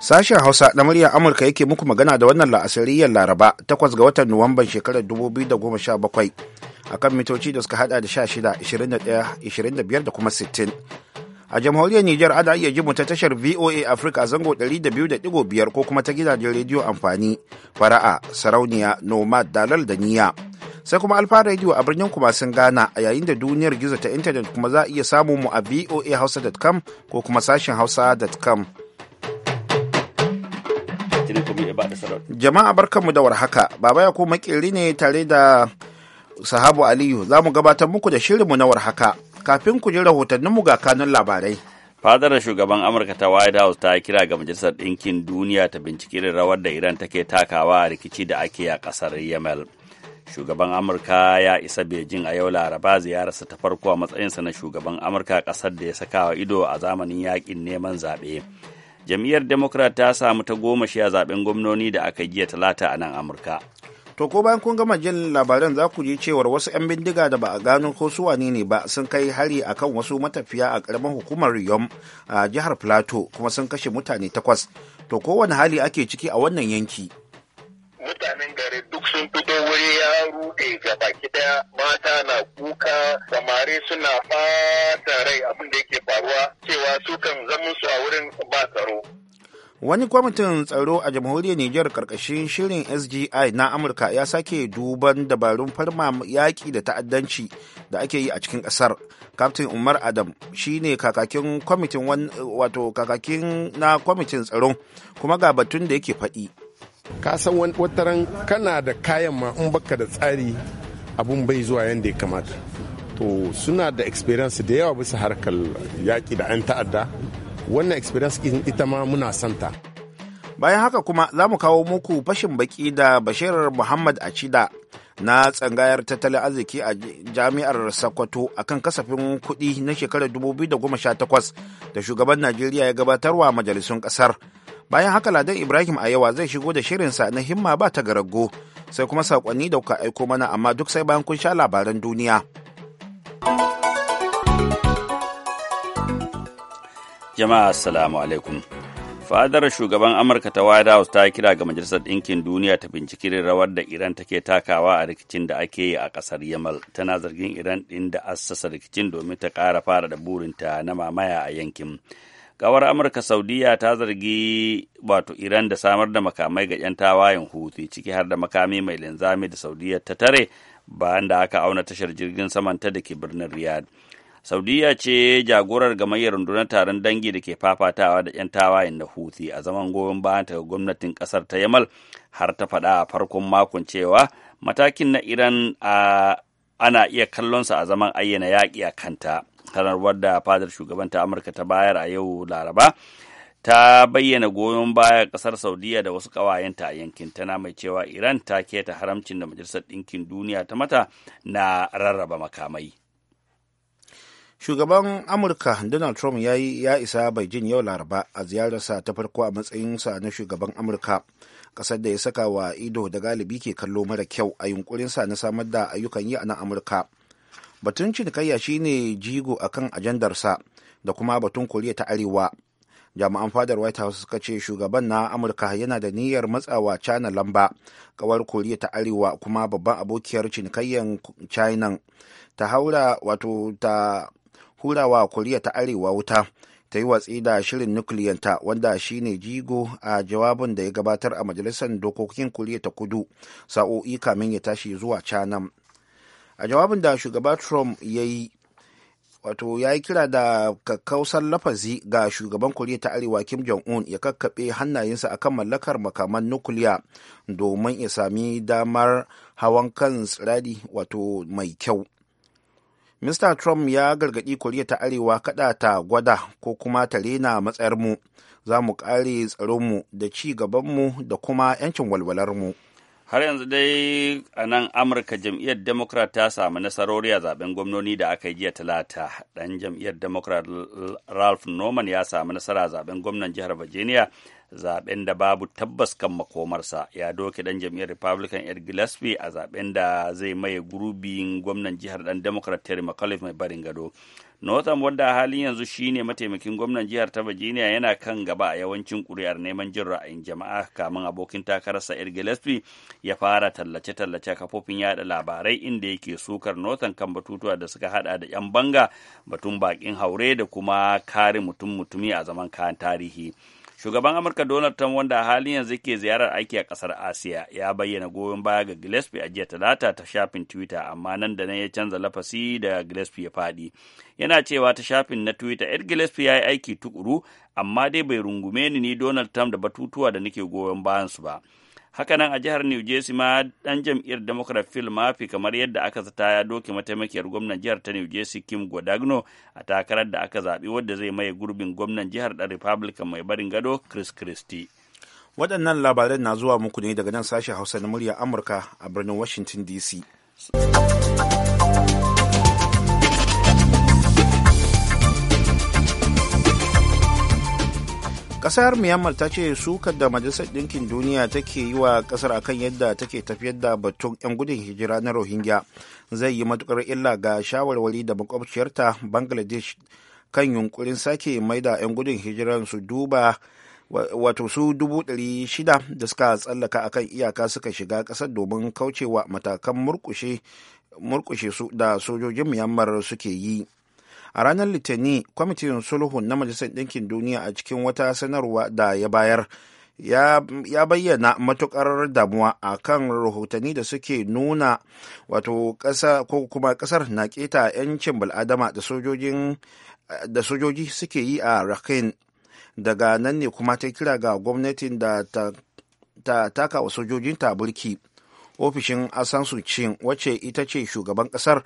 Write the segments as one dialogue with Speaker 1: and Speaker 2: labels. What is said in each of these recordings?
Speaker 1: Sashen Hausa na muryar Amurka yake muku magana da wannan la'asariyar Laraba takwas ga watan Nuwamban shekarar 2017 akan mitoci da suka hada da 16, 21, 25 da kuma 60. A jamhuriyar Nijar ana iya ji ta tashar VOA Africa zango 200.5 ko kuma ta gidajen rediyo amfani fara'a sarauniya nomad dalal da niya. Sai kuma alfa Radio a birnin kuma sun gana a yayin da duniyar gizo ta intanet kuma za a iya samun mu a voahausa.com ko kuma sashen hausa.com. Jama'a barkanmu da warhaka. Baba ya kuma makeri ne tare da Sahabu Aliyu. Za mu gabatar muku da shirinmu na warhaka. Kafin ku ji rahotannin mu ga kanun labarai. Fadar
Speaker 2: shugaban Amurka ta White House ta kira ga Majalisar Ɗinkin Duniya ta binciki rawar da Iran take takawa a rikici da ake a ƙasar Yemen. shugaban amurka ya isa beijing a yau laraba ziyararsa ta farko a matsayinsa na shugaban amurka ƙasar da ya saka wa ido a zamanin yaƙin neman zaɓe jam'iyyar democrat ta samu ta goma shi a zaben gwamnoni da aka giya talata a nan amurka
Speaker 1: to ko bayan kun gama jin labaran za ku ji cewar wasu 'yan bindiga da ba a gano ko su wane ne ba sun kai hari akan wasu matafiya a karamar hukumar yom a jihar plateau kuma sun kashe mutane takwas to kowane hali ake ciki a wannan yanki mutanen gari duk sun fito rude ga baki daya mata
Speaker 3: na kuka samari suna fata rai abin da yake faruwa cewa su kan zaman su a wurin ba tsaro.
Speaker 1: Wani kwamitin tsaro a jamhuriyar Nijar karkashin shirin SGI na Amurka ya sake duban dabarun farma yaƙi da ta'addanci da ake yi a cikin ƙasar. Kaftin Umar Adam shi ne kakakin wato kakakin na kwamitin tsaro kuma ga batun da yake faɗi.
Speaker 4: ka san wataran kana da kayan ma in baka da tsari abun bai zuwa yadda ya kamata to suna da experience da yawa bisa harkar yaƙi da 'yan ta'adda
Speaker 1: wannan experience ita ma muna santa bayan haka kuma za mu kawo muku fashin baki da bashirar muhammad cida na tsangayar tattalin arziki a jami'ar sokoto akan kasafin kuɗi na shekarar 2018 da shugaban najeriya ya gabatarwa majalisun ƙasar. kasar bayan haka ladan ibrahim a yawa zai shigo da shirinsa na himma ba ta garago sai kuma sakonni da kuka aiko mana amma duk sai bayan kun sha labaran duniya
Speaker 2: jama'a assalamu alaikum fadar shugaban amurka ta white house ta kira ga majalisar ɗinkin duniya ta binciki rawar da iran take takawa a rikicin da ake yi a ƙasar yamal tana zargin iran ɗin da assasa rikicin domin ta ƙara fara da burinta na mamaya a yankin kawar amurka saudiya ta zargi wato iran da samar da makamai ga 'yan tawayen huti ciki har da makami mai linzami da saudiya ta tare bayan da aka auna tashar jirgin samanta da ke birnin riyadh saudiya ce jagorar gamayyar rundunar taron dangi da ke fafatawa da 'yan tawayen da huti a zaman goyon bayan ta gwamnatin ƙasar ta yamal har ta faɗa a farkon makon cewa matakin na iran ana iya kallonsa a zaman ayyana yaƙi a kanta sanarwar da fadar shugaban ta amurka ta bayar a yau laraba ta bayyana goyon baya kasar saudiya da wasu kawayenta a yankin tana mai cewa iran ta keta haramcin da majalisar ɗinkin duniya ta mata na rarraba
Speaker 1: makamai shugaban amurka donald trump ya, ya isa beijing yau laraba a ziyararsa ta farko a matsayin sa na shugaban amurka kasar da ya saka wa ido da galibi ke kallo mara kyau a yunkurin sa na samar da ayyukan yi a nan amurka batun cinikayya shine jigo akan ajandarsa da kuma batun koriya ta arewa jami'an fadar white house suka ce shugaban na amurka yana da niyyar matsawa china lamba kawar koriya ta arewa kuma babban abokiyar cinikayyar china ta haura wato ta hurawa koriya ta arewa wuta ta yi watsi da shirin nukiliyanta wanda shine jigo a jawabin da ya gabatar a majalisar dokokin koriya ta kudu sa'o'i kamin ya tashi zuwa canan a jawabin da shugaba trump ya yi wato ya yi kira da kakkausar lafazi ga shugaban koriya ta arewa kim jong-un ya kakkaɓe hannayensa a kan mallakar makaman nukuliya domin ya sami damar hawan kan tsirari wato mai kyau mr trump ya gargaɗi koriya ta arewa kada ta gwada ko kuma ta rena matsayarmu za mu ƙare tsaronmu da ci gabanmu da kuma 'yancin walwalarmu. mu
Speaker 2: har yanzu dai a nan amurka jam'iyyar democrat ta samu nasarori a zaben gwamnoni da aka yi jiya talata dan jam'iyyar democrat ralph norman ya samu nasara a zaben gwamnan jihar virginia zaben da babu tabbas kan makomarsa ya doke dan jam'iyyar republican ed gillespie a zaben da zai maye gurubin gwamnan jihar dan democrat terry mcauliffe mai barin gado Northam wanda halin yanzu shine mataimakin gwamnan jihar ta Virginia yana kan gaba a yawancin kuri'ar neman jin ra'ayin jama'a kamin abokin takararsa Ed Gillespie ya fara tallace-tallace kafofin yada labarai inda yake sukar Northam kan batutuwa da suka hada da 'yan banga batun bakin haure da kuma kare mutum-mutumi a zaman kayan tarihi. shugaban amurka donald trump wanda halin yanzu ke ziyarar aiki a kasar asiya ya bayyana goyon baya ga gillespie a jiya talata ta shafin twitter amma nan da nan ya canza lafasi da gillespie ya faɗi yana cewa ta shafin na twitter ed gillespie ya yi aiki tukuru amma dai bai rungume ni ni donald trump da batutuwa da nake goyon bayansu ba hakanan a jihar new jersey ma dan jam'iyyar democrat phil murphy kamar yadda aka zata ya doke mataimakiyar gwamnan jihar ta new jersey kim godagno a takarar da aka zaɓi wadda zai maye gurbin gwamnan
Speaker 1: jihar da republican mai barin gado chris christie waɗannan labaran na zuwa muku ne daga nan sashen hausa na murya amurka a birnin washington dc kasar myanmar ta ce sukar da majalisar ɗinkin duniya take yi wa kasar akan yadda take tafiyar da batun 'yan gudun hijira na rohingya zai yi matukar illa ga shawarwari da makwabciyarta bangladesh kan yunkurin sake mai da 'yan gudun hijiran su duba wato su dubu ɗari shida da suka tsallaka akan iyaka suka shiga ƙasar domin kaucewa matakan murkushe su da sojojin myanmar suke yi. a ranar litinin kwamitin sulhun na majalisar ɗinkin duniya a cikin wata sanarwa da ya bayar ya bayyana matukar damuwa a kan rahotanni da suke nuna wato ƙasa ko kuma ƙasar na keta 'yancin bil'adama da sojoji suke yi a rakhine daga nan ne kuma ta kira ga gwamnatin da ta taka wa sojojin ta burki ofishin asansu cin wacce ita ce shugaban ƙasar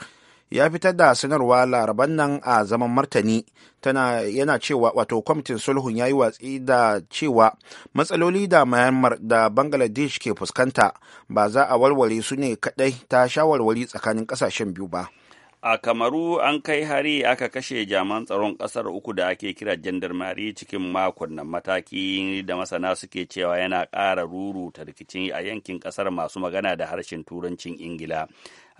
Speaker 1: ya fitar da sanarwa laraban nan a zaman martani tana yana cewa wato kwamitin sulhun ya yi watsi da cewa matsaloli da myanmar da bangladesh ke fuskanta ba za a warware su ne kadai ta shawarwari tsakanin kasashen biyu ba
Speaker 2: a kamaru an kai hari aka kashe jaman tsaron kasar uku da ake kira jandarmari cikin makon nan mataki da masana suke cewa yana ƙara ruruta rikici a yankin kasar masu magana da harshen turancin ingila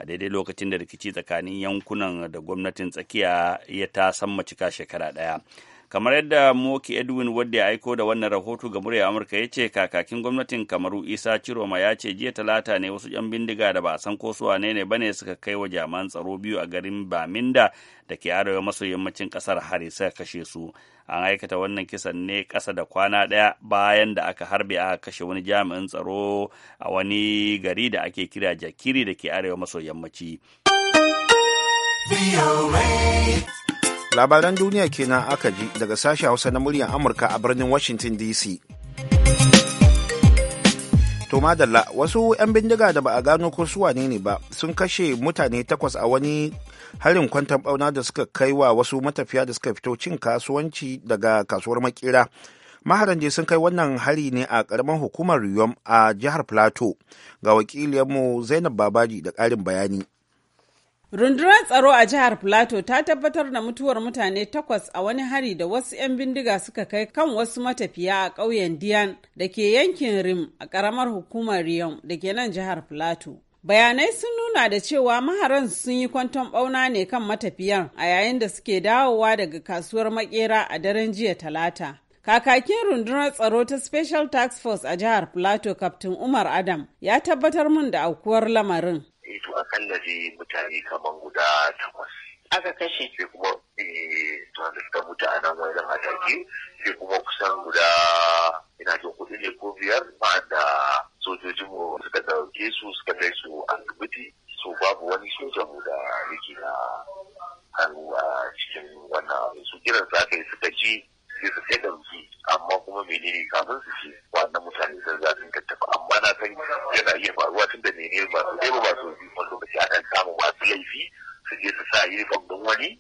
Speaker 2: a daidai lokacin da rikici tsakanin yankunan da gwamnatin tsakiya ya ta san cika shekara ɗaya. kamar yadda moki edwin wadda ya aiko da wannan rahoto ga murya amurka ya ce kakakin gwamnatin kamaru isa ciroma ya ce jiya talata ne wasu yan bindiga da ba a san ko ne ba ne suka kai wa jami'an tsaro biyu a garin baminda da ke arewa maso yammacin kasar hari suka kashe su an aikata wannan kisan ne kasa da kwana daya bayan da aka harbe aka kashe wani jami'in tsaro a wani gari da ake kira jakiri da ke arewa maso yammaci.
Speaker 1: labaran duniya kenan aka ji daga sashen hausa na muryar amurka a birnin washington dc to madalla wasu 'yan bindiga da ba a gano ko su wane ne ba sun kashe mutane takwas a wani harin kwantar bauna da suka kai wa wasu matafiya da suka fito cin kasuwanci daga kasuwar makera maharan dai sun kai wannan hari ne a karamar hukumar yom a jihar plateau ga wakiliyarmu zainab babaji da ƙarin bayani
Speaker 5: Rundunar tsaro a jihar Plateau ta tabbatar da mutuwar mutane takwas a wani hari da wasu 'yan bindiga suka kai kan wasu matafiya a ƙauyen Diyan da ke yankin Rim a ƙaramar hukumar Riyon da ke nan jihar Plateau. Bayanai sun nuna da cewa maharan sun yi kwanton ɓauna ne kan matafiyan a yayin da suke dawowa daga kasuwar makera a daren jiya talata. Kakakin rundunar tsaro ta Special Task Force a jihar Plateau, Captain Umar Adam, ya tabbatar mun da aukuwar lamarin.
Speaker 3: eh to akalla zai mutane kaman guda takwas aka kashe sai kuma eh to da suka mutu a nan wajen ataki sai kuma kusan guda ina jin kuɗi ne ko biyar ba da sojojin mu suka ɗauke su suka kai su an asibiti so babu wani sojan mu da yake na hannu a cikin wannan su kiran sa aka yi suka ji sai su kai ɗauki amma kuma menene kafin su ce wannan mutane sun za su yana iya faruwa tun da ne ne ba su ba ba su wani lokaci akan samu masu laifi su je su sa uniform don wani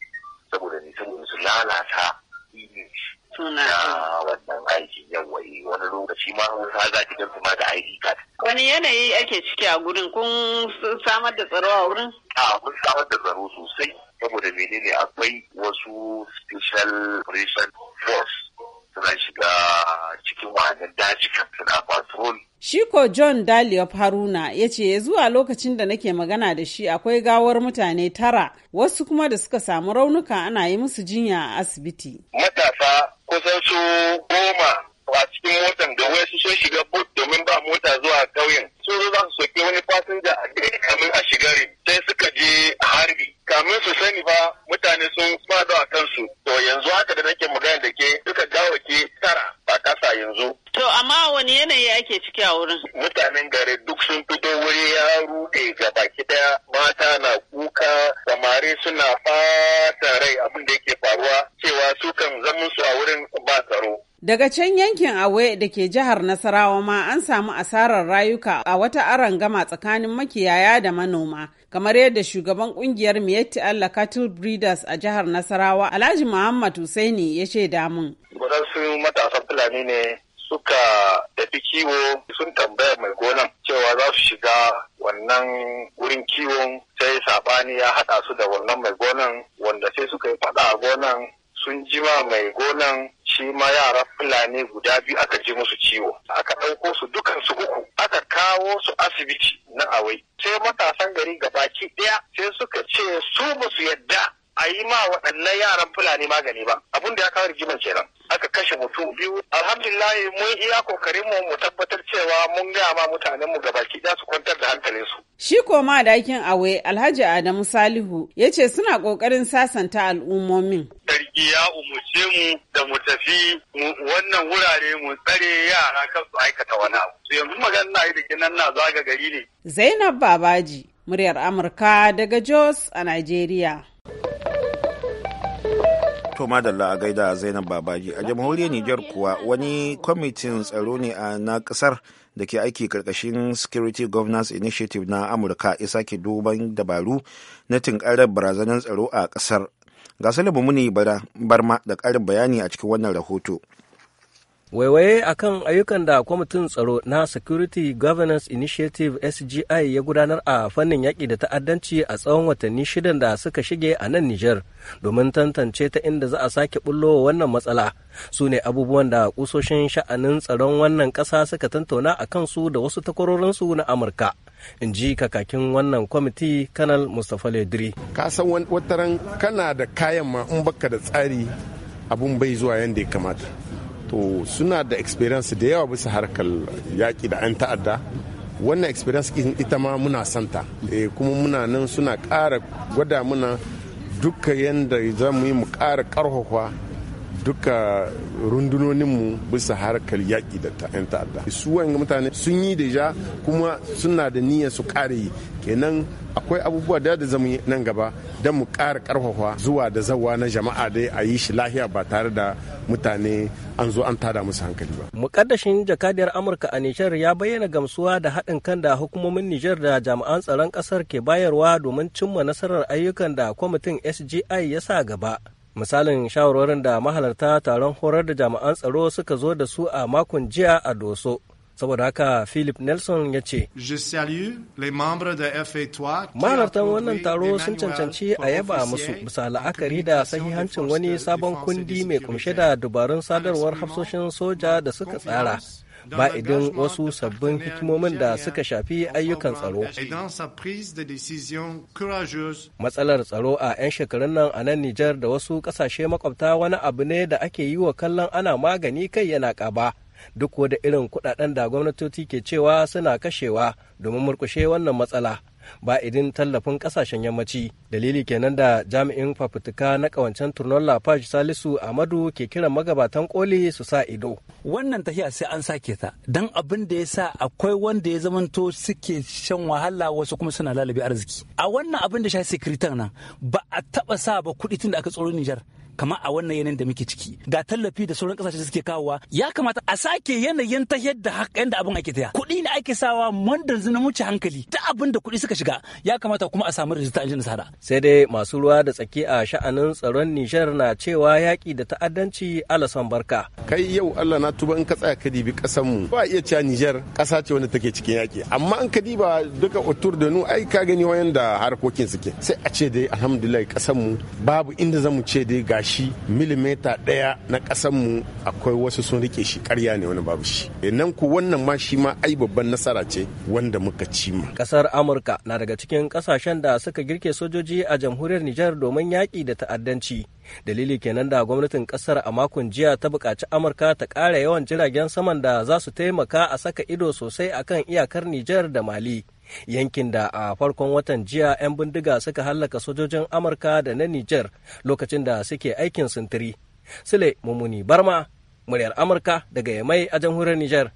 Speaker 3: saboda ne saboda su lalata suna wannan aiki yawai eh, wani lokaci ma hausa za ki gansu ma da ID card.
Speaker 5: Wani yanayi ake ciki a gurin kun samar da tsaro a wurin?
Speaker 3: A mun samar da tsaro sosai saboda menene akwai wasu special operation force suna shiga cikin wahannan dajikan
Speaker 5: Iko John Daliop Haruna ya ce zuwa lokacin da nake magana da shi akwai gawar mutane tara wasu kuma da suka samu raunuka ana yi musu jinya a asibiti. Matasa
Speaker 3: kusan su goma a cikin motan da su sun shiga but domin ba mota zuwa ƙauyen. Sun zo za su soke wani fasinja a kamin a shigari sai suka je harbi. Kamin su sani ba mutane sun fado a kansu. To yanzu haka da nake
Speaker 5: Daga can yankin Awe da ke jihar Nasarawa ma an samu asarar rayuka a wata aron gama tsakanin makiyaya da manoma. Kamar yadda shugaban kungiyar Miyatti Allah Cattle Breeders a jihar Nasarawa Alhaji Muhammad Husaini ya ce damun.
Speaker 3: Wadansu matasan Fulani ne suka tafi kiwo sun tambaya mai gonan cewa za su shiga wannan wurin kiwon sai sabani ya haɗa su da wannan mai gonan wanda sai suka yi faɗa a gonan sun jima mai gonan shi ma yara fulani guda biyu aka je musu ciwo aka ɗauko su dukan su uku aka kawo su asibiti na awai sai matasan gari ga baki ɗaya sai suka ce su ba su yadda a yi ma waɗannan yaran fulani magani ba abin da ya kawo rigimar kenan aka kashe mutum biyu alhamdulillah mun iya kokarin mu mu tabbatar cewa mun gaya ma mutanen mu gabaki da su kwantar da hankalin su
Speaker 5: shi koma ma dakin awe alhaji adamu salihu ya ce suna kokarin sasanta al'ummomin sarki
Speaker 3: ya mu da mu tafi wannan wurare mu tsare yara kan su aikata wani abu yanzu magana na yi da kinan na
Speaker 5: zaga gari ne zainab babaji muryar amurka daga jos a najeriya
Speaker 1: To madalla a gaida Zainab Babaji a jamhuriyar Nijar kuwa wani kwamitin tsaro ne a na kasar da ke aiki karkashin Security Governance Initiative na Amurka ya sake duban dabaru na tinkarar barazanar tsaro a kasar. Ga Salimu Muni Barma da ƙarin bayani a cikin wannan rahoto.
Speaker 6: Waiwaye a kan ayyukan da kwamitin tsaro na Security Governance Initiative SGI ya gudanar a fannin yaƙi da ta'addanci a tsawon watanni shidan da suka shige a nan Nijar domin tantance ta inda za a sake bullo wannan matsala su ne abubuwan da kusoshin sha'anin tsaron wannan ƙasa suka tantauna a kansu da wasu takwarorinsu na Amurka. in ji kakakin wannan kwamiti kanal mustapha ledri
Speaker 4: kana da kayan ma in baka da tsari abun bai zuwa yadda ya kamata to suna da experience da yawa bisa harkar yaƙi da 'yan ta'adda wannan experience ita ma muna santa eh, kuma muna nan suna ƙara gwada muna duka yadda za mu yi mu ƙara ƙarfafa duka rundunoninmu bisa harkar yaƙi da ta'yan ta'adda su wa'in mutane sun yi ja kuma suna da niyyar su ƙare yi kenan akwai abubuwa da da zamu nan gaba don mu ƙara ƙarfafa zuwa da zawa na jama'a dai a yi shi lahiya ba tare da mutane an zo an tada musu hankali ba.
Speaker 6: Mukaddashin jakadiyar Amurka a Nijar ya bayyana gamsuwa da haɗin kan da hukumomin Nijar da jami'an tsaron ƙasar ke bayarwa domin cimma nasarar ayyukan da kwamitin SGI ya sa gaba misalin shawarwarin da mahalarta taron horar da jami'an tsaro suka zo da su a makon jiya a doso saboda haka philip nelson ya ce mahalartan wannan taro sun cancanci a yaba musu bisa la'akari da sahihancin wani sabon kundi mai kumshe da dubarun sadarwar hafsoshin soja da suka tsara ba idan wasu sabbin hikimomin da suka shafi ayyukan tsaro. Matsalar tsaro a 'yan shekarun nan a nan Nijar da wasu ƙasashe makwabta wani abu ne da ake yi wa kallon ana magani kai yana ƙaba. Duk da irin kuɗaɗen da gwamnatoci ke cewa suna kashewa domin murƙushe wannan matsala. ba idin tallafin kasashen yammaci dalili kenan da jami'in fafutuka na kawancen turnon lafash salisu amadu ke kiran magabatan koli su sa ido wannan tafiya sai an sake ta dan abin da ya sa akwai wanda ya zamanto suke shan wahala wasu kuma suna lalabe arziki a wannan abin da shafi sekiritan nan ba a taba sa ba kuɗi tun da aka tsoro nijar kamar a wannan yanayin da muke ciki ga tallafi da sauran kasashe da suke kawowa ya kamata a sake yanayin ta yadda yadda abin ake taya kuɗi ne ake sawa mandan zina wuce hankali ta abin da kuɗi suka shiga ya kamata kuma a samu rijista an nasara sai dai masu ruwa da tsaki a sha'anin tsaron Nijar na cewa yaƙi da ta'addanci alasan barka
Speaker 4: kai yau Allah na tuba in ka tsaya ka dibi ƙasar mu ba iya cewa Nijar ƙasa ce wanda take cikin yaƙi amma an ka diba duka otur da nu ai ka gani wayan da harkokin suke sai a ce dai alhamdulillah ƙasar mu babu inda zamu ce dai shi milimeta ɗaya na mu akwai wasu sun rike shi ƙarya ne wani babu shi eh, nan ku wannan ma shi ma ai babban nasara ce wanda muka ci ma
Speaker 6: ƙasar amurka na daga cikin ƙasashen da suka girke sojoji a jamhuriyar nijar domin yaƙi da ta'addanci dalili kenan da gwamnatin ƙasar a makon jiya ta buƙaci amurka ta ƙara yawan jiragen saman da za su taimaka a saka ido sosai akan iyakar nijar da mali yankin da a farkon watan jiya 'yan bindiga suka hallaka sojojin amurka da na niger lokacin da suke aikin sintiri sule mummuni barma muryar amurka daga yamai a jamhuriyar niger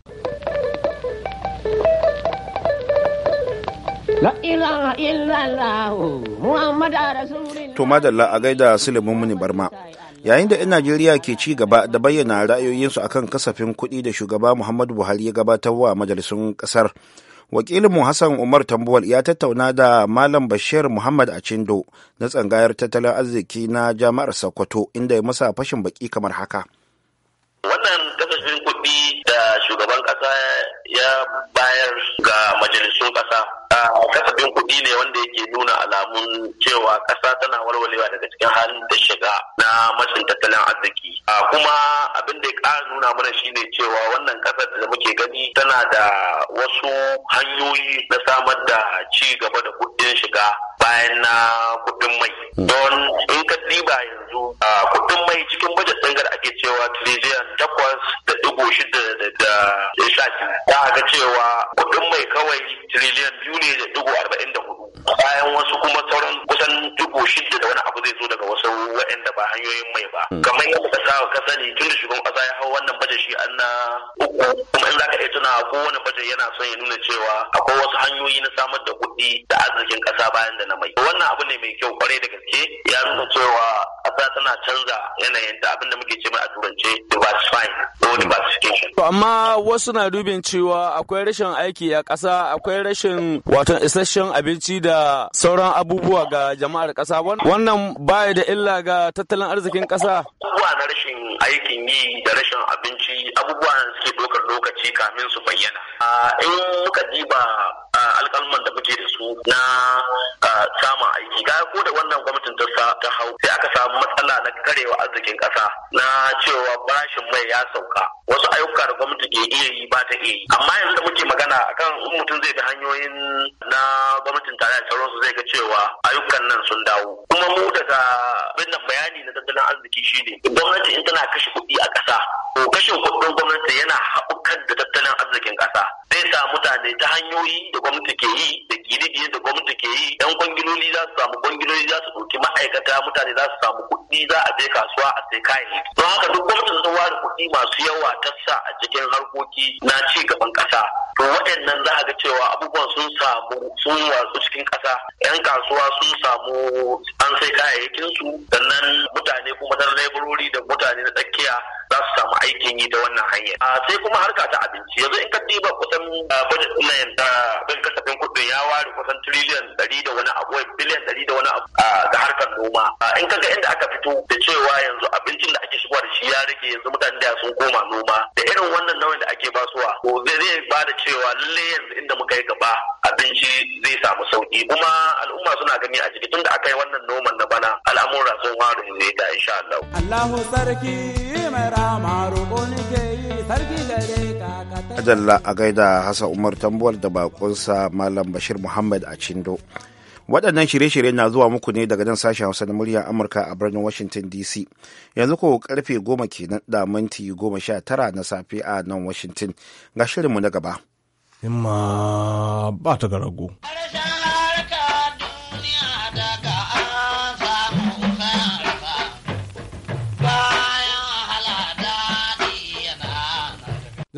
Speaker 1: To madalla a gaida sule-mumuni Barma. Yayin da 'yan Najeriya ke ci gaba da bayyana ra'ayoyinsu akan kasafin kuɗi da shugaba Muhammadu Buhari ya gabatar wa majalisun kasar. wakilin mu hassan umar tambuwal ya tattauna da malam bashir muhammad acindo na tsangayar tattalin arziki na jami'ar sokoto inda ya masa fashin baki kamar haka
Speaker 3: wannan kasashen kuɗi da shugaban ƙasa ya bayar ga majalisun ƙasa kasafin kuɗi ne wanda ke nuna alamun cewa ƙasa tana walwalewa daga cikin halin da shiga na matsin tattalin arziki. Kuma abin da ya ƙara nuna mana shine cewa wannan ƙasar da muke gani tana da wasu hanyoyi na samar da ci gaba da kuɗin shiga bayan na kudin mai hmm. don in ka diba yanzu a kudin mai cikin budget ɗin da ake cewa trillion takwas da dubu shida da sha ta a ga cewa kudin mai kawai trillion biyu ne da dubu arba'in da hudu bayan wasu kuma sauran kusan dubu shida da wani abu zai zo daga wasu waɗanda ba hanyoyin mai ba hmm. kamar yadda ka sa ka sani tun da shugaban ƙasa ya hau wannan budget shi an na uku kuma in za ka iya tuna kowane budget yana son ya nuna cewa akwai wasu hanyoyi na samar da kuɗi
Speaker 7: da arzikin ƙasa bayan da na mai wannan abu ne mai kyau kwarai da gaske ya nuna cewa ƙasa tana canza yanayin da abin da muke ce mai a turance diversifying
Speaker 3: ko diversification. to amma wasu na dubin cewa akwai rashin aiki a ƙasa akwai rashin wato isasshen abinci da sauran abubuwa ga jama'ar ƙasa wannan baya da illa ga tattalin arzikin ƙasa. abubuwa na rashin aikin yi da rashin abinci abubuwa suke ɗaukar lokaci kamin su bayyana. in muka diba alƙalman da muke da su na sama aiki ga ko da wannan gwamnatin ta ta hau sai aka samu matsala na karewa arzikin kasa na cewa farashin mai ya sauka wasu ayyuka da gwamnati ke iya yi ba ta iya yi amma yanzu da muke magana akan in mutum zai bi hanyoyin na gwamnatin tarayya sauransu zai ga cewa ayyukan nan sun dawo kuma mu daga wannan bayani na tattalin arziki shine gwamnati in tana kashe kuɗi a ƙasa ko kashin kuɗin gwamnati yana haɓukar da tattalin arzikin ƙasa zai sa mutane ta hanyoyi da gwamnati ke yi da gidi da gwamnati ke yi kwangiloli za su samu kwangiloli za su ɗauki ma'aikata mutane za su samu kuɗi za a je kasuwa a sai kayayyaki don haka duk gwamnati ta ware kuɗi masu yawa ta sa a cikin harkoki na ci gaban ƙasa to waɗannan za a ga cewa abubuwan sun samu sun watsu cikin ƙasa yan kasuwa sun samu an sai kayayyakin su sannan mutane kuma na laborori da mutane na tsakiya za su samu aikin yi da wannan hanyar a ah, sai kuma harka ta abinci yanzu in ka diba kusan ah, budget na yanda bin kasafin kuɗin ya ware kusan trillion ɗari da wani abu billion ɗari da wani abu ah, ga harkar noma in ka ga inda aka fito da cewa yanzu abincin da ake shigowa da shi ya rage yanzu mutane da sun koma noma da irin wannan nauyin da ake basuwa to zai ba da cewa lalle yanzu inda muka yi gaba abinci zai samu sauki kuma al'umma suna gani a ciki tunda aka yi wannan noman na bana al'amura sun fara
Speaker 1: ne da insha Allah.
Speaker 6: Allahu sarki mai
Speaker 1: Adalla a gaida Hassan Umar tambuwar da bakunsa Malam Bashir Muhammad a Cindo. Waɗannan shirye-shirye na zuwa muku ne daga nan sashen Hausa na muryar Amurka a birnin Washington DC. Yanzu ko karfe goma kenan da minti goma sha tara na safe a nan Washington. Ga shirinmu na gaba.
Speaker 7: Himma ba ta garago.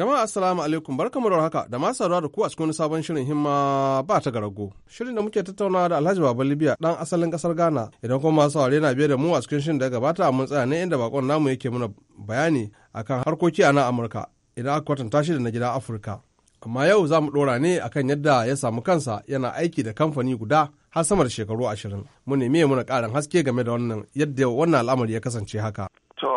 Speaker 7: Jama'a assalamu alaikum barkamu da haka da masu saurara da ku a cikin wani sabon shirin himma ba ta garago. Shirin da muke tattaunawa da Alhaji Baba Libya dan asalin kasar Ghana idan kuma masu saurare na biye da mu a cikin shirin da gabata a mun tsaya ne inda bakon namu yake muna bayani akan harkoki a nan Amurka idan aka kwatanta shi da na gida Afirka. Amma yau za mu ɗora ne akan yadda ya samu kansa yana aiki da kamfani guda har sama da shekaru ashirin. Mu nemi muna ƙarin haske game da wannan yadda wannan al'amari ya kasance haka.
Speaker 8: To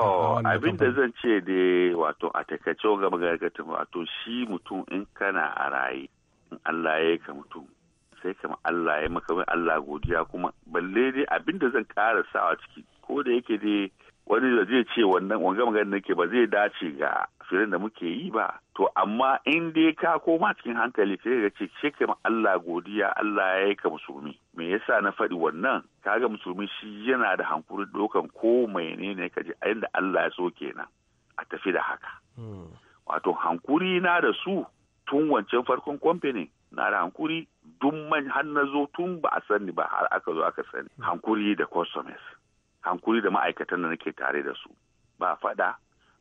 Speaker 8: abin da zan ce da wato a takaice ga magagata wato shi mutum in kana a raye in Allah ya ka mutum sai kama Allah ya maka Allah godiya kuma balle dai abin da zan ƙara sawa ciki ko da yake dai wani da zai ce wannan wanga magana nake ba zai dace ga shirin da muke yi ba to amma in dai ka koma cikin hankali sai ga ce ce kai Allah godiya Allah ya yi ka musulmi me yasa na faɗi wannan kaga musulmi shi yana da hankuri dokan ko mai ne ne ka ji da Allah ya so kenan a tafi da haka hmm. wato hankuri na da su tun wancan farkon kwamfani na da hankuri duk man har na zo tun ba a sani ba har aka zo aka sani hmm. hankuri da customers hankuri da ma'aikatan da nake tare da su ba faɗa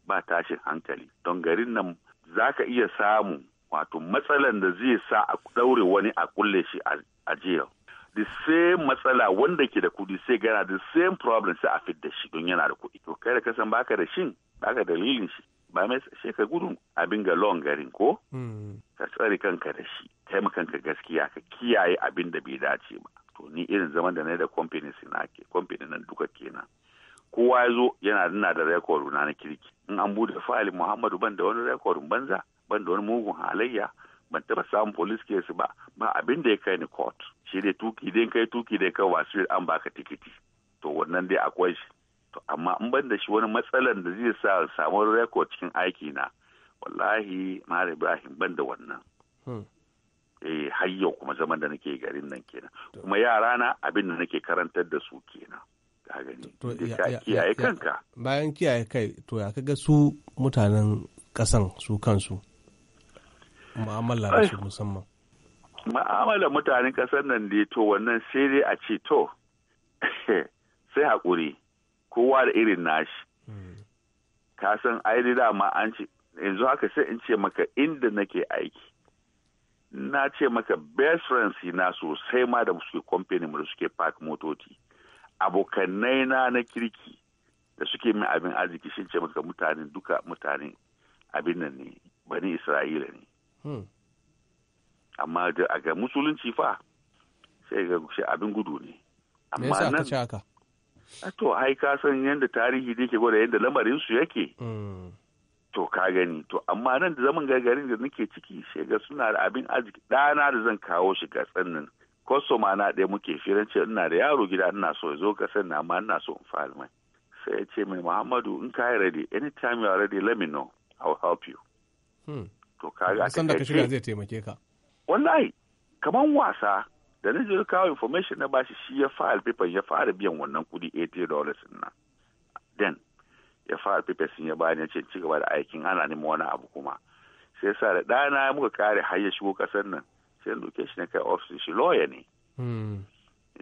Speaker 8: ba tashin hankali don garin nan za ka iya samu wato matsalan da zai sa a ɗaure wani a kulle shi a jiyar. the same matsala wanda ke da kuɗi sai gana the same problem sai a fit da shi don yana da kuɗi to kai da kasan baka da shin baka dalilin shi ba mai sai ka gudu abin ga long garin ko hmm. ka tsare kanka da shi kai kanka gaskiya ka kiyaye abin da bai dace ba ni irin zaman da na da company na ke company nan duka kenan kowa ya zo yana nuna da rekod na na kirki in an bude fa'ali muhammadu ban da wani rekodin banza ban da wani mugun halayya ban taba samun police case ba ba abin da ya kai ni court shi dai tuki dai kai tuki dai kai wasu an baka tikiti to wannan dai akwai shi to amma in ban da shi wani matsalar da zai sa samu rekod cikin aiki na wallahi mara ibrahim ban da wannan hmm. eh har yau kuma zaman da nake garin nan kenan kuma yara na abin da nake karantar da su kenan
Speaker 7: ka gani to kiyaye kanka bayan kiyaye kai to ya kaga su mutanen kasan su kansu mu'amala su musamman
Speaker 8: mu'amala mutanen kasan nan dai to wannan sai dai a ce to sai hakuri kowa da irin nashi hmm. ka san ai dama an ce yanzu haka sai in ce maka inda nake aiki na ce maka best friends na sosai ma da suke kwamfani da suke park motoci abokanai na na kirki da suke min abin arziki shi ce maka mutane duka mutane abin nan ne bani isra'ila ne hmm. amma da ga musulunci fa sai ga abin gudu ne
Speaker 7: amma nan
Speaker 8: to ai ka san yadda tarihi da ko gwada yadda lamarin su yake hmm. to ka gani to amma nan da zaman gargarin da nake ciki shega suna da abin arziki ɗana da zan kawo shi gasar nan kwastoma na ɗaya muke firan ce ina da yaro gida ina so ya zo gasar na amma ina so in fara mai sai ya ce mai muhammadu in ka yi ready anytime you are ready let me know i will help you hmm. to ka ga san da ka shiga zai
Speaker 7: taimake ka wallahi kaman
Speaker 8: wasa da na je kawo information na bashi shi ya fara paper ya fara biyan wannan kuɗi 80 dollars nan ya fara fifes ya bani ya ce ci gaba da aikin ana neman wani abu kuma sai sa da ɗana muka kare har ya shigo ƙasar nan sai ɗauke shi na kai ofishin shi lawyer ne hmm.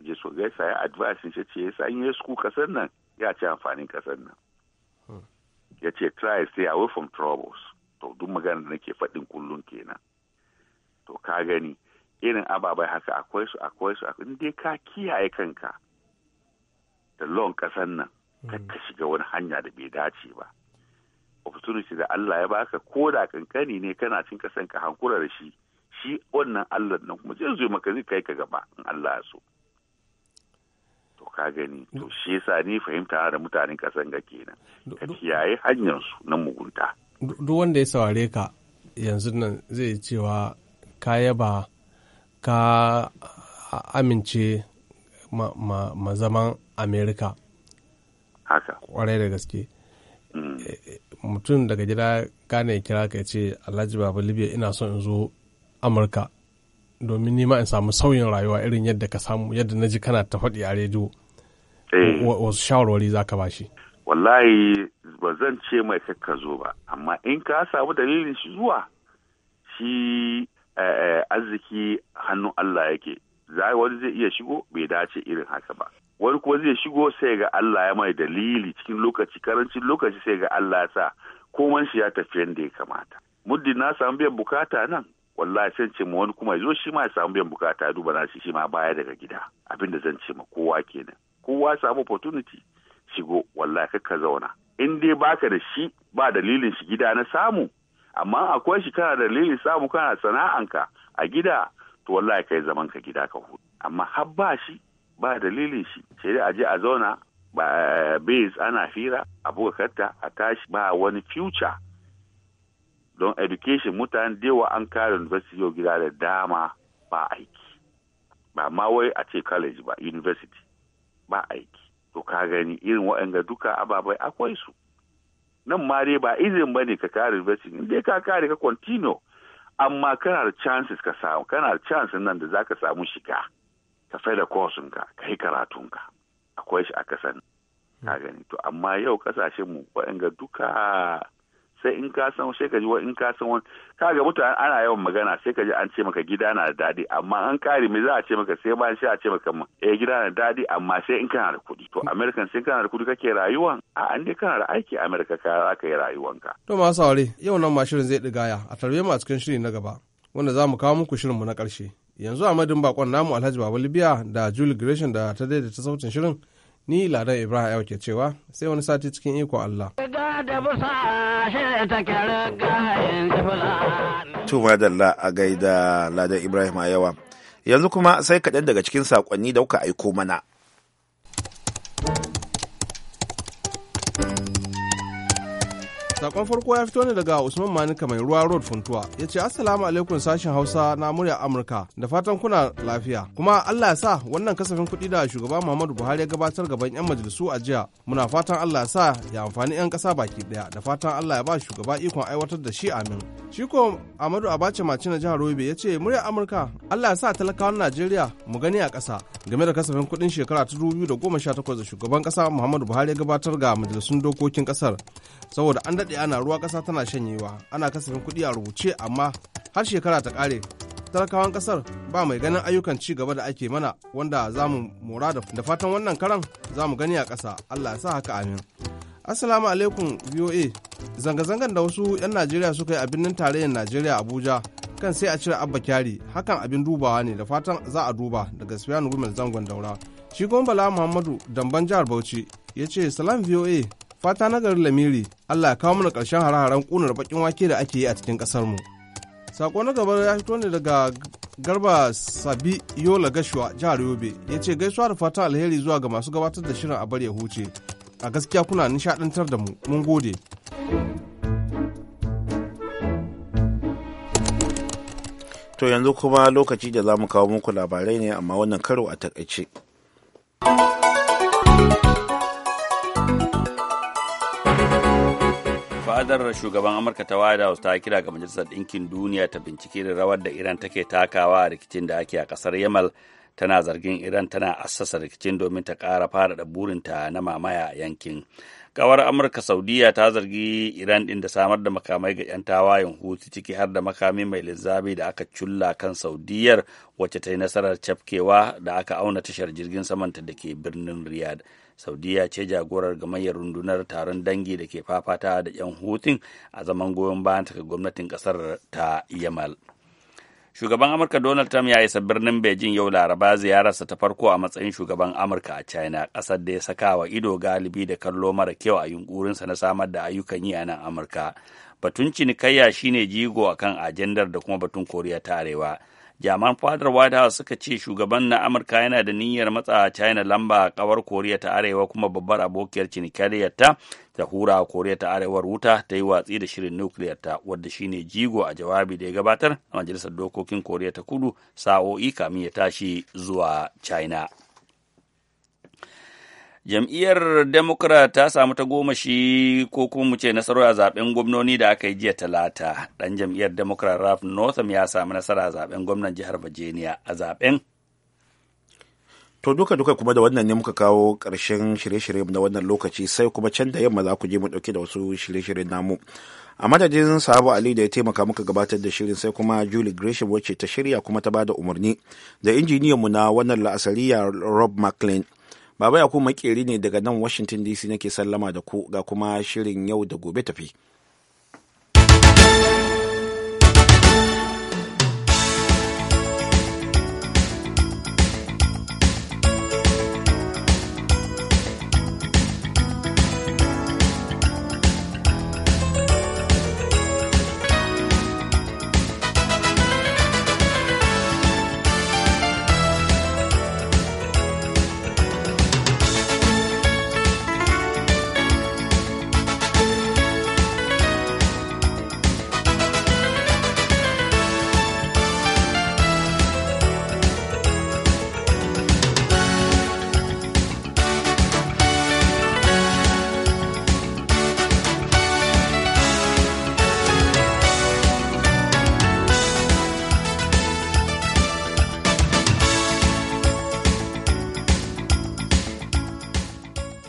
Speaker 8: je so gaisa ya advice shi ce yasa in ya su ƙasar nan ya ci amfanin kasar nan hmm. ya ce try stay away from troubles to duk magana da nake faɗin kullum kenan to ka gani irin ababai haka akwai su akwai su in dai ka kiyaye kanka da lon ƙasar nan Mm. ka shiga wani hanya da bai dace ba opportunity da Allah ya baka ko da kankani ne kana cin kasan ka hankula da shi shi wannan Allah nan kuma zai zo maka zai kai ka gaba in Allah ya so to ka gani to mm. shi yasa ni fahimta da mutanen kasan ga kenan ka kiyaye hanyar su na mugunta
Speaker 7: duk wanda ya saware ka yanzu nan zai cewa ka yaba ka amince ma, zaman amerika haka kwarai da gaske mm. eh, eh, mutum daga gida gane kira ka ce alhaji baba libya ina son in zo amurka domin nima in samu sauyin rayuwa irin yadda ka samu yadda na ji kana ta faɗi a rediyo eh. wasu shawarwari za ka bashi
Speaker 8: wallahi ba zan ce mai kakka zo ba amma in ka samu dalilin shi zuwa shi arziki hannun Allah yake za wani zai iya shigo bai dace irin haka ba wani kuma zai shigo sai ga Allah ya mai dalili cikin lokaci karancin lokaci sai ga Allah ya sa koman shi ya tafi yadda ya kamata muddin na samu biyan bukata nan wallahi sai ce ma wani kuma zo shi ma ya samu biyan bukata duba na shi shi ma baya daga gida abinda zan ce ma kowa kenan kowa samu opportunity shigo wallahi kakka zauna in dai baka da shi ba dalilin shi gida na samu amma akwai shi kana dalilin samu kana sana'anka a gida to wallahi kai zaman ka gida ka hudu amma har ba shi ba dalilin shi sai dai a je a zauna ba eh, base ana fira a buga karta a tashi ba wani future don education mutane da yawa an kare university yau gida da dama ba aiki ba ma wai a ce college ba university ba aiki to ka gani irin waɗanda duka ababai akwai su nan ma dai ba izin ba ne ka kare university in dai ka kare ka continue amma kana da chances ka samu kana da chances nan da zaka samu shiga ka fai da kosunka ka yi karatunka akwai shi a kasan ka gani to amma yau kasashen mu waɗanda duka sai in ka san sai ka ji in ka san wani kaga mutane ana yawan magana sai ka ji an ce maka gida na da daɗi amma an kare me za a ce maka sai bayan sai a ce maka ma eh gida na da daɗi amma sai in kana da kuɗi to american sai kana da kuɗi kake rayuwa a an dai kana da aiki america ka za ka yi rayuwanka
Speaker 7: to ma saurare yau nan ma shirin zai ɗigaya a tarbe mu a cikin shiri na gaba wanda za mu kawo muku shirin mu na ƙarshe yanzu a madin bakon namu alhaji baba libya da julie gresham da ta daidaita sautin shirin ni ladan ibrahim yau ke cewa sai wani sati cikin iko allah
Speaker 1: to madalla a gaida ladan ibrahim a yawa yanzu kuma sai kaɗan daga cikin saƙonni da kuka aiko mana
Speaker 7: Sakon farko ya fito ne daga Usman Manika mai ruwa road funtuwa ya ce Assalamu alaikum sashen Hausa na murya Amurka da fatan kuna lafiya. Kuma Allah ya sa wannan kasafin kuɗi da shugaba Muhammadu Buhari ya gabatar gaban 'yan majalisu a jiya muna fatan Allah ya sa ya amfani 'yan kasa baki ɗaya da fatan Allah ya ba shugaba ikon aiwatar da shi amin. Shi ko Amadu Abacha Maci na jihar Yobe ya ce murya Amurka Allah ya sa talakawan Najeriya mu gani a ƙasa game da kasafin kuɗin shekara ta 2018 da shugaban kasa Muhammadu Buhari ya gabatar ga majalisun dokokin kasar saboda an daɗe daɗe ana ruwa ƙasa tana shanyewa ana kasafin kuɗi a rubuce amma har shekara ta ƙare talakawan ƙasar ba mai ganin ayyukan ci gaba da ake mana wanda za mu mora da fatan wannan karan za mu gani a ƙasa allah ya sa haka amin assalamu alaikum voa zanga-zangan da wasu 'yan najeriya suka yi a birnin tarayyar najeriya abuja kan sai a cire abba kyari hakan abin dubawa ne da fatan za a duba daga sufyan gumel zangon daura shi kuma bala muhammadu damban jihar bauchi ya ce salam voa fata na garin lamiri allah ya kawo mana ƙarshen hare-haren ƙunar baƙin wake da ake yi a cikin mu sako na gaba ya fito ne daga garba sabi yola gashuwa jihar yobe ya ce gaisuwa da fata alheri zuwa ga masu gabatar da shirin a bar ya huce a gaskiya kuna nishaɗantar da mu mun gode
Speaker 1: to yanzu kuma lokaci da za mu kawo muku labarai ne amma wannan karo a takaice
Speaker 2: fadar shugaban amurka ta white house ta kira ga majalisar ɗinkin duniya ta bincike da rawar da iran take takawa a rikicin da ake a kasar yamal tana zargin iran tana assasa rikicin domin ta kara ƙara da burinta na mamaya a yankin kawar amurka saudiya ta zargi iran ɗin da samar da makamai ga 'yan tawayen hutu ciki har da makami mai linzami da aka culla kan saudiyar wacce ta yi nasarar cafkewa da aka auna tashar jirgin samanta da ke birnin riyadh saudiya ce jagorar gamayyar rundunar taron dangi da ke fafata da 'yan hutun a zaman goyon bayan ta gwamnatin kasar ta yamal shugaban amurka donald trump ya isa birnin beijing yau laraba ziyararsa ta farko a matsayin shugaban amurka a china ƙasar da ya saka wa ido galibi da kallo mara kyau a yunkurinsa na samar da ayyukan yi a nan amurka batun cinikayya shine jigo a kan ajandar da kuma batun koriya ta arewa jaman fadar white house suka ce shugaban na amurka yana da niyyar matsa china lamba a kawar koriya ta arewa kuma babbar abokiyar cinikayyar ta ta hura koriya ta arewar wuta ta yi watsi da shirin nukiliyar ta wadda shine jigo a jawabi da ya gabatar a majalisar dokokin koriya ta kudu sa'o'i kamin ya tashi zuwa china jam'iyyar democrat ta samu ta goma shi ko kuma mu ce nasarar a zaben gwamnoni da aka yi jiya talata dan jam'iyyar democrat raf northam ya samu nasara a zaben gwamnan jihar virginia a
Speaker 1: zaben to duka duka kuma da wannan ne muka kawo karshen shirye-shirye na wannan lokaci sai kuma can da yamma za ku je mu dauke da wasu shirye-shirye namu a madadin sabu ali da ya taimaka muka gabatar da shirin sai kuma julie gresham wacce ta shirya kuma ta bada umarni da injiniyanmu na wannan la'asariya rob mclean Baba Yakubu Makeri ne daga nan Washington DC nake sallama da ku ga kuma shirin yau da gobe tafi.